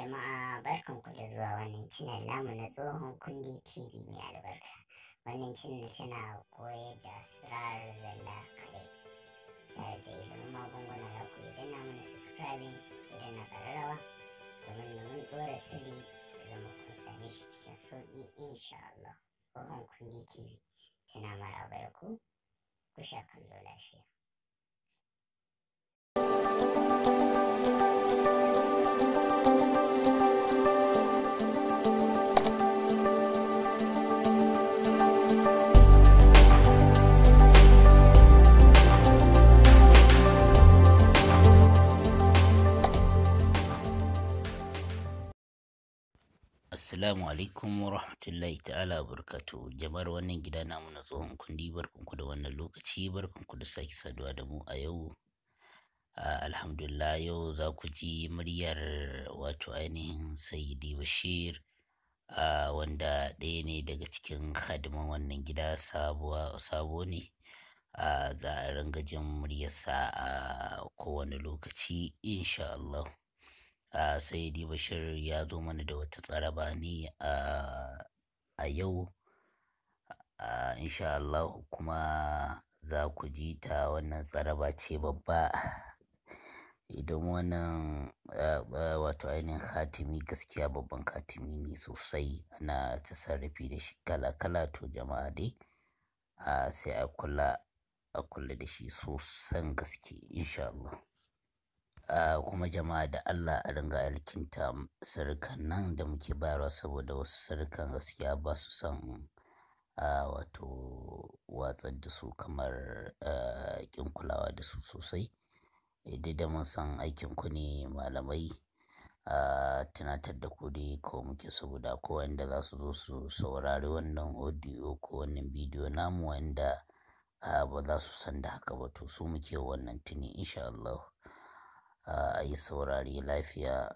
Jama'a barkanku da zuwa wannan channel namu na tsohon kundi TV mai albarka. Wannan channel tana koyar da asirar zalla kare. Tare da ilimin magunguna za ku yi danna mana subscribing ƙararrawa domin da mun ɗora sirri da zama kun shi cikin sauƙi insha Allah. Tsohon kundi TV tana maraba ku, ku sha kallo lafiya. Assalamu alaikum wa rahmatullahi ta'ala barkatu jama'ar wannan gida namu na tsohon kundi barkanku da wannan lokaci barkanku da sake saduwa da mu a yau alhamdulillah yau za ku ji muryar wato ainihin sayyidi bashir wanda ɗaya ne daga cikin hadiman wannan gida sabo ne za a ringa jin muryarsa a kowane lokaci insha a di bashir ya zo mana da wata tsaraba ne a yau insha Allah kuma za ku ji ta wannan tsaraba ce babba idan wannan wato ainihin hatimi gaskiya babban hatimi ne sosai ana ta sarrafi da shi kala-kala to jama'a dai sai a kula da shi sosan gaske insha Allah. Ah, kuma jama'a da Allah a ringa alkinta sarkan nan da muke bayarwa saboda wasu sarkan gaskiya ba su son ah, wato watsar da su kamar kin ah, kulawa da su sosai idan eh, da mun san aikin ku ne malamai a tunatar da ku dai ko muke saboda ko wanda za su zo su saurari wannan audio ko wannan bidiyo namu wanda ba za su san da haka ba to su muke wannan tuni insha Allah a yi saurari lafiya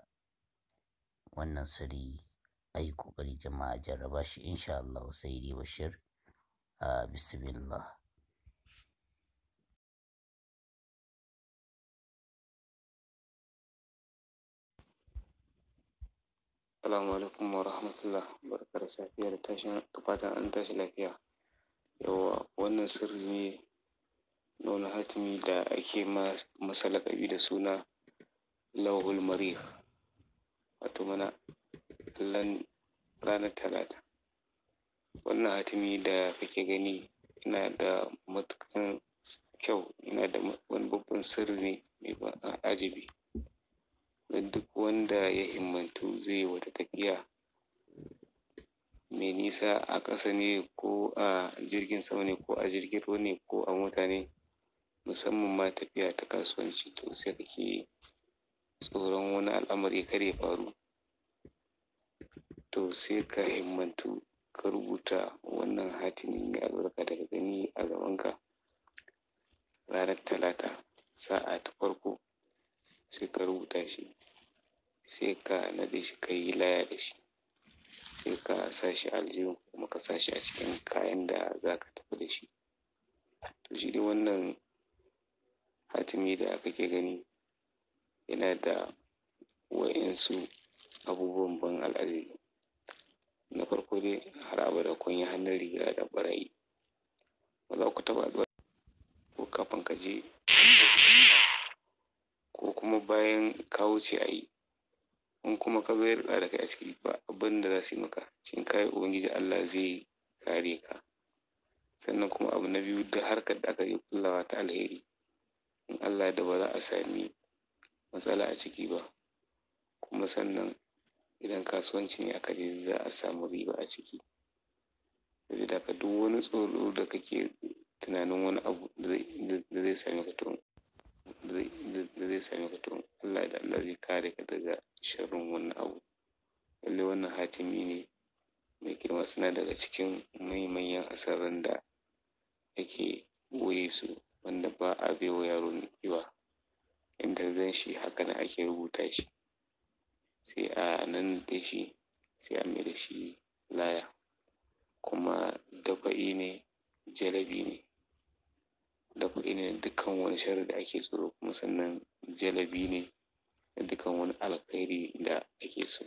wannan sirri a yi ƙoƙari jama'a jarraba shi insha Allah sai dai bashir a bismillah Salamu alaikum wa rahmatullah barkar safiya da tashin fatan an tashi lafiya yawa wannan sirri ne na hatimi da ake masa lakabi da suna lauhul marih wato mana allan ranar talata wannan hatimi da kake gani yana da matuƙar kyau yana da wani babban sirri ne mai ban ajibi. don duk wanda ya himmantu zai yi wata tafiya mai nisa a ƙasa ne ko a jirgin sama ne ko a jirgin ruwa ne ko a mota ne musamman ma tafiya ta kasuwanci to sai kake tsoron wani al'amari kar ya faru to sai ka himmantu ka rubuta wannan hatimi mai albarka daga gani a gabanka ranar talata sa'a ta farko sai ka rubuta shi sai ka naɗe shi ka yi laya da shi sai ka sa shi aljihu kuma ka sa shi a cikin kayan da za ka tafi da shi to shi dai wannan hatimi da kake gani yana da wa'insu abubuwan ban al'ajabi na farko dai har abada kun yi hannun riga da barayi. ba za ku taɓa zuwa ko kafin ka je ko kuma bayan ka wuce a yi in kuma ka zo ya da kai a ciki ba abin da za su yi maka cin kayan ubangiji allah zai kare ka sannan kuma abu na biyu da harkar da aka yi kullawa ta alheri in allah da ba za a sami matsala a ciki ba kuma sannan idan kasuwanci ne aka je za a samu riba a ciki saboda haka duk wani tsoro da kake tunanin wani abu da zai same ka to da zai same ka Allah da Allah zai kare ka daga sharrin wani abu lalle wannan hatimi ne mai girma suna daga cikin manyan asarar da ake boye su wanda ba a baiwa yaro ba inda zan shi haka nan ake rubuta shi sai a nan da shi sai a mai da shi laya kuma dafa'i ne jalabi ne dafa'i ne dukkan wani sharri da ake tsoro kuma sannan jalabi ne na dukkan wani alkhairi da ake so.